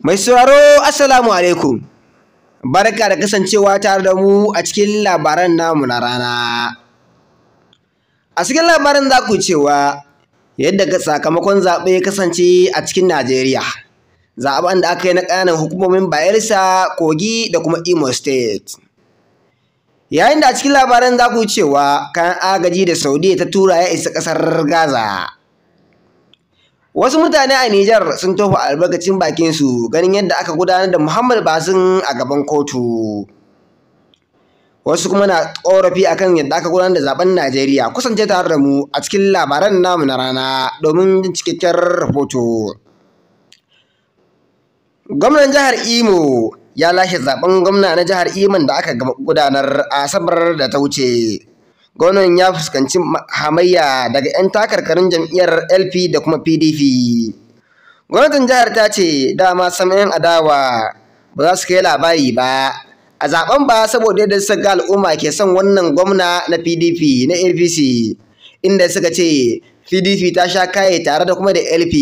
Mai sauraro Assalamu alaikum. Barka da kasancewa tare da mu a cikin labaran namu na rana. A cikin labaran za ku cewa yadda sakamakon zaɓe ya kasance a cikin Najeriya. Zaɓen da aka yi na ƙananan hukumomin Bayelsa, Kogi da kuma Imo State. Yayin da a cikin labaran za ku cewa kayan agaji da Saudiya ta tura ya isa ƙasar Gaza. Wasu mutane a Nijar sun tofa albarkacin bakin su ganin yadda aka gudanar da Muhammad Basin a gaban kotu. Wasu kuma na ƙorafi akan yadda aka gudanar da zaben Najeriya kusance tare da mu a cikin labaran namu na rana domin jin cikakken rahoto. Gwamnan jihar Imo ya lashe zaben gwamna na jihar Iman da aka gudanar a Asabar da ta wuce. Gonon ya fuskanci hamayya daga 'yan takarkarin jam'iyyar LP da kuma PDP. Gwamnatin jihar ta ce dama sam adawa ba za su kai labari ba. A zaben ba saboda yadda suka ga al'umma ke son wannan gwamna na PDP na APC inda suka ce PDP ta sha kaye tare da kuma da LP.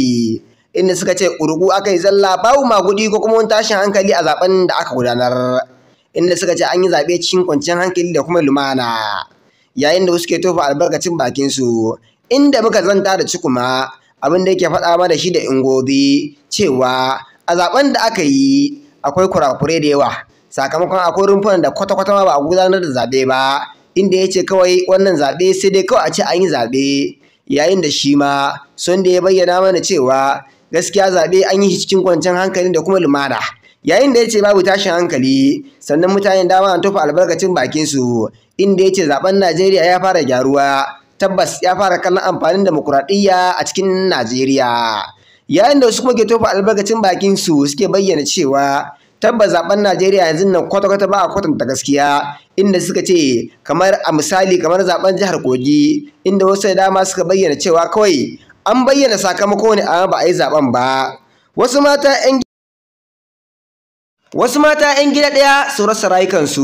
inda suka ce urugu aka yi zalla babu maguɗi, ko kuma wani tashin hankali a zaben da aka gudanar inda suka ce an yi zaɓe cikin kwanciyar hankali da kuma lumana yayin da suke tofa albarkacin bakin su inda muka zanta da ci kuma abin da yake faɗa mana shi da ingobi cewa a zaben da aka yi akwai kurakure da yawa sakamakon akwai rumfan da kwata-kwata ba a gudanar da zaɓe ba inda ya ce kawai wannan zaɓe sai dai kawai a ce an yi zaɓe yayin da shi ma sun da ya bayyana mana cewa gaskiya zaɓe an yi shi cikin kwanciyar hankali da kuma lumana yayin da ya ce babu tashin hankali sannan mutane dama an tofa albarkacin bakin su inda ya ce zaben Najeriya ya fara gyaruwa tabbas ya fara kallon amfanin demokuraɗiyya a cikin Najeriya yayin da wasu kuma ke tofa albarkacin bakin su suke bayyana cewa tabbas zaben Najeriya yanzu nan kwata-kwata ba a kwatanta gaskiya inda suka ce kamar a misali kamar zaben jihar Kogi inda wasu da dama suka bayyana cewa kawai an bayyana sakamako ne amma ba a yi zaben ba wasu mata 'yan Wasu mata 'yan gida ɗaya su rasa rayukansu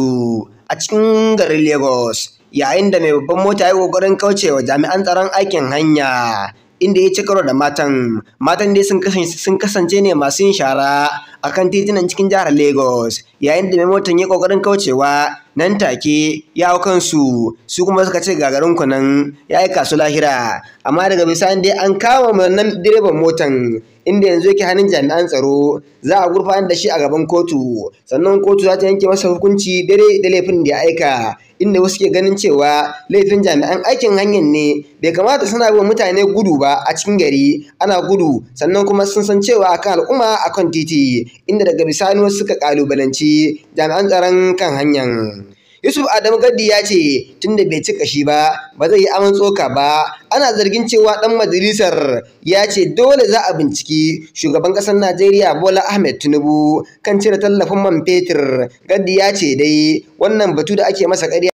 a cikin garin Lagos, yayin da mai babban mota ya ƙoƙarin kaucewa jami'an tsaron aikin hanya, inda ya ci karo da matan. Matan dai sun kasance ne masu yin shara a kan titunan cikin jihar Lagos, yayin da mai motan ya ƙoƙarin kaucewa nan take ya hau kansu, su kuma suka ce gagarin kunan ya aika su lahira. Amma daga bisani dai an kama nan direban motan inda yanzu yake hannun jami'an tsaro za a gurfanar da shi a gaban kotu sannan kotu za ta yanke masa hukunci dare da laifin da ya aika inda wasu ke ganin cewa laifin jami'an aikin hanyar ne bai kamata suna bin mutane gudu ba a cikin gari ana gudu sannan kuma sun san cewa akan al'umma a kan titi inda daga bisani wasu suka kalubalanci jami'an tsaron kan hanyar Yusuf Adamu Gaddi ya ce tunda bai cika shi ba ba zai yi aman tsoka ba ana zargin cewa dan majalisar ya ce dole za a binciki shugaban ƙasar Najeriya Bola Ahmed Tinubu kan cire tallafin man fetur Gaddi ya ce dai wannan batu da ake masa ƙarya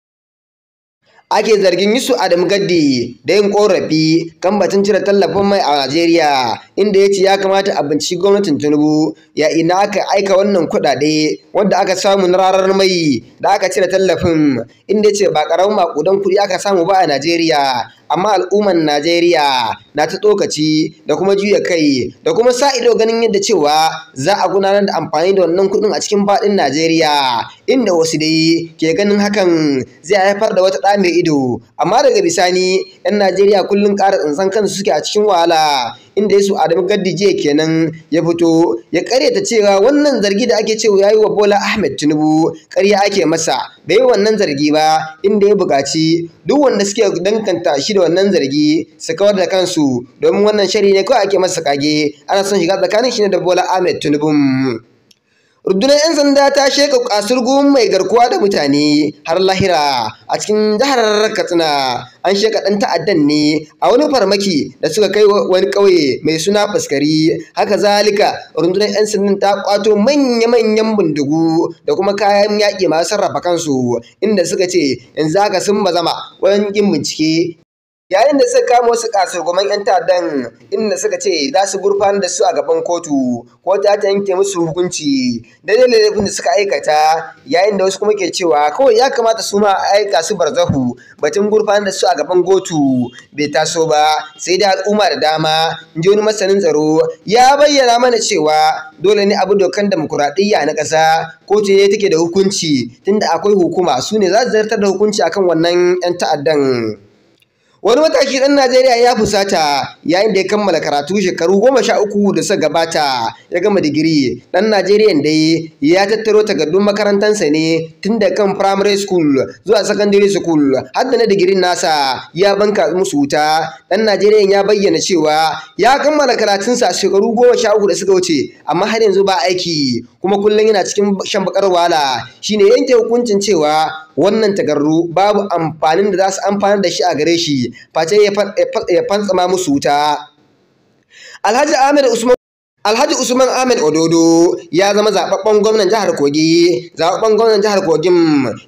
ake zargin Yusuf Adam Gaddi da yin korafi kan batun cire tallafin mai a Najeriya inda ya ce ya kamata a binci gwamnatin Tinubu ya ina aka aika wannan kuɗaɗe wanda aka samu na rarar mai da aka cire tallafin inda ya ce ba ƙaramin maƙudan kuɗi aka samu ba a Najeriya amma al'umman Najeriya na ta tsokaci da kuma juya kai da kuma sa ido ganin yadda cewa za a gudanar da amfani da wannan kuɗin a cikin faɗin Najeriya inda wasu dai ke ganin hakan zai haifar da wata ɗa mai ido amma daga bisani 'yan Najeriya kullum ƙara tsantsan kansu suke a cikin wahala inda ya Yesu Adamu jiya kenan ya fito ya karyata cewa wannan zargi da ake cewa yayi wa Bola Ahmed Tinubu ƙarya ake masa bai wannan zargi ba inda ya bukaci duk wanda suke dankanta shi da wannan zargi su kawar da kansu domin wannan shari ne kawai ake masa kage ana son shiga tsakanin shi ne da Bola Ahmed Tinubu rundunar 'yan sanda ta sheka kasurgun mai garkuwa da mutane har lahira a cikin jihar katsina an sheka ɗan ta'addan ne a wani farmaki da suka kai wani ƙauye mai suna faskari haka zalika rundunar 'yan sandan ta kwato manya-manyan bindigu da kuma kayan yaƙi masu sarrafa kansu inda suka ce yanzu haka sun ba zama yin bincike yayin da suka kama wasu kasurguman 'yan ta'addan inda suka ce za su gurfanar da su a gaban kotu ko ta ta yanke musu hukunci daidai laifin da suka aikata yayin da wasu kuma ke cewa kawai ya kamata su ma aika su barzahu batun gurfanar da su a gaban kotu bai taso ba sai da al'umma da dama in ji wani masanin tsaro ya bayyana mana cewa dole ne abu dokan demokuraɗiyya na ƙasa kotu ne take da hukunci tunda akwai hukuma su ne za su zartar da hukunci akan wannan 'yan ta'addan. Wani matashi ɗan Najeriya ya fusata yayin da ya kammala karatu shekaru goma sha uku da suka gabata ya gama digiri. Ɗan Najeriya dai ya tattaro takardun makarantarsa ne tun da kan primary school zuwa secondary school har da na digirin nasa ya banka musu wuta. Ɗan Najeriya ya bayyana cewa ya kammala karatunsa shekaru goma sha uku da suka wuce amma har yanzu ba aiki kuma kullum yana cikin shan bakar wahala shine yanke hukuncin cewa wannan takardu babu amfanin da za su amfanar da shi a gare shi face ya fantsama musu wuta Alhaji Usman Alhaji Usman Ahmed Ododo ya zama zaɓaɓɓen gwamnan jihar Kogi, zaɓaɓɓen gwamnan jihar Kogin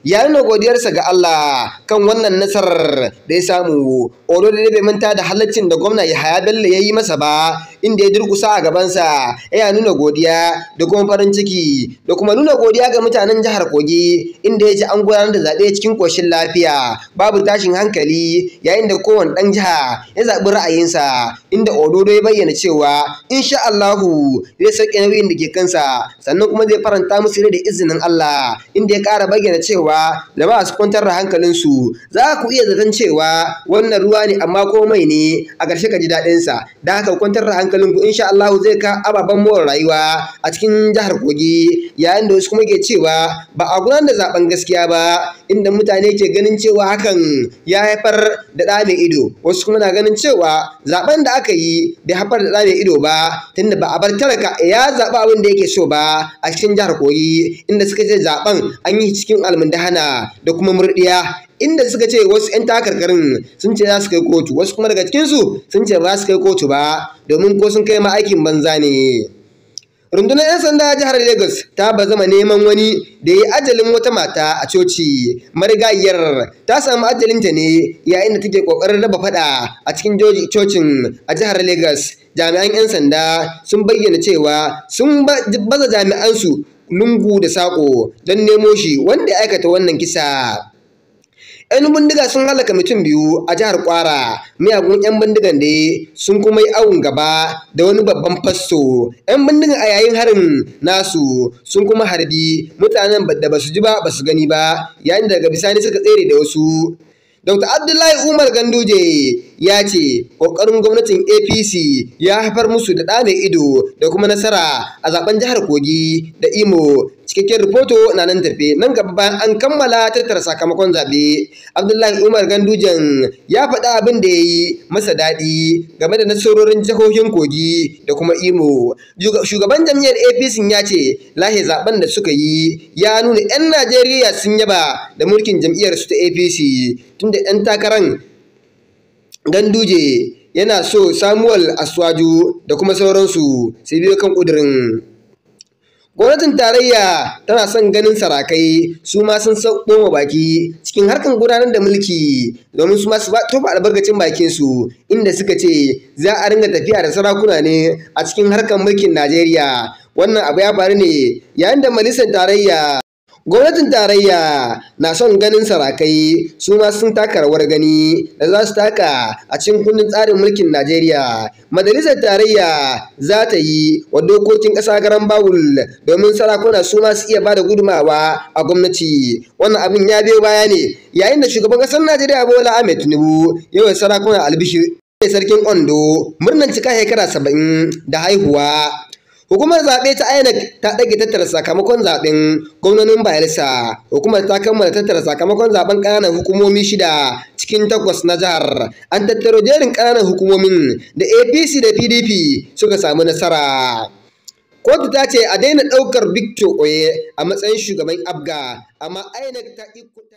ya nuna godiyarsa ga Allah kan wannan nasarar da ya samu. Ododo da bai manta da halaccin da gwamna Yahaya Bello ya yi masa ba, inda ya durkusa a gabansa yana nuna godiya da kuma farin ciki da kuma nuna godiya ga mutanen jihar Kogi inda ya ci an gudanar da zaɓe cikin ƙoshin lafiya babu tashin hankali yayin da kowane ɗan jiha ya zaɓi ra'ayinsa inda Ododo ya bayyana cewa insha Allahu zai sauke nauyin da ke kansa sannan kuma zai faranta musu da izinin Allah inda ya ƙara bayyana cewa jama'a su kwantar da hankalinsu za ku iya zaton cewa wannan ruwa ne amma komai ne a ƙarshe ka ji daɗinsa da haka kwantar da hankalinku insha Allah zai ka ababen more rayuwa a cikin jihar Kogi yayin da wasu kuma ke cewa ba a gudanar da zaben gaskiya ba inda mutane ke ganin cewa hakan ya haifar da ɗa mai ido wasu kuma na ganin cewa zaben da aka yi bai haifar da ɗa mai ido ba tunda ba a bar talaka ya zaɓi abin da yake so ba a cikin jihar Kogi inda suka ce zaben an yi cikin almundahana da kuma murɗiya inda suka ce wasu 'yan takarkarin sun ce za su kai kotu wasu kuma daga cikinsu sun ce ba su kai kotu ba domin ko sun kai ma aikin banza ne rundunar 'yan sanda jihar lagos ta bazama neman wani da ya ajalin wata mata a coci marigayyar ta samu ajalinta ne yayin da take kokarin raba fada a cikin cocin a jihar lagos jami'an 'yan sanda sun bayyana cewa sun baza jami'ansu lungu da saƙo don nemo shi wanda ya aikata wannan kisa 'yan bindiga sun halaka mutum biyu a jihar kwara miyagun 'yan bindigan ne sun kuma yi awon gaba da wani babban fasto 'yan bindigan a yayin harin nasu sun kuma harbi mutanen da ba su ji ba su gani ba yayin daga bisani suka tsere da wasu Dr. Abdullahi Umar Ganduje ya ce ƙoƙarin gwamnatin APC ya haifar musu da ɗame ido da kuma nasara a zaben jihar Kogi da Imo cikakken rahoto na nan tafe nan gaba bayan an kammala tattara sakamakon zaɓe abdullahi umar gandujan ya faɗa abin da ya yi masa daɗi game da nasarorin jihohin kogi da kuma imo shugaban jam'iyyar apc ya ce lahi zaben da suka yi ya nuna 'yan najeriya sun yaba da mulkin jam'iyyar su ta apc tunda 'yan takaran ganduje yana so samuel aswaju da kuma sauransu su biyo kan ƙudurin Gwamnatin tarayya tana son ganin sarakai su ma sun sauko ma baki cikin harkan gudanar da mulki domin su ma su tofa albarkacin bakin su inda suka ce za a ringa tafiya da sarakuna ne a cikin harkan mulkin Najeriya. Wannan abu ya faru ne yayin da majalisar tarayya Gwamnatin tarayya na son ganin sarakai su ma sun taka rawar gani da za su taka a cikin kundin tsarin mulkin Najeriya. Majalisar tarayya za ta yi wa dokokin ƙasa garan bawul domin sarakuna su ma su iya ba da gudumawa a gwamnati. Wannan abin ya biyo baya ne yayin da shugaban ƙasar Najeriya Bola Ahmed Tinubu yawan sarakuna albishir. Sarkin Ondo murnan cika shekara saba'in da haihuwa Hukumar zaɓe ta INEC ta ɗage tattara sakamakon zaɓen gwamnonin Bayelsa. Hukumar ta kammala tattara sakamakon zaɓen ƙananan hukumomi shida cikin takwas na jihar. An tattaro jerin ƙananan hukumomin da APC da PDP suka samu nasara. Kotu ta ce a daina ɗaukar Victor Oye a matsayin shugaban Abga, amma INEC ta iko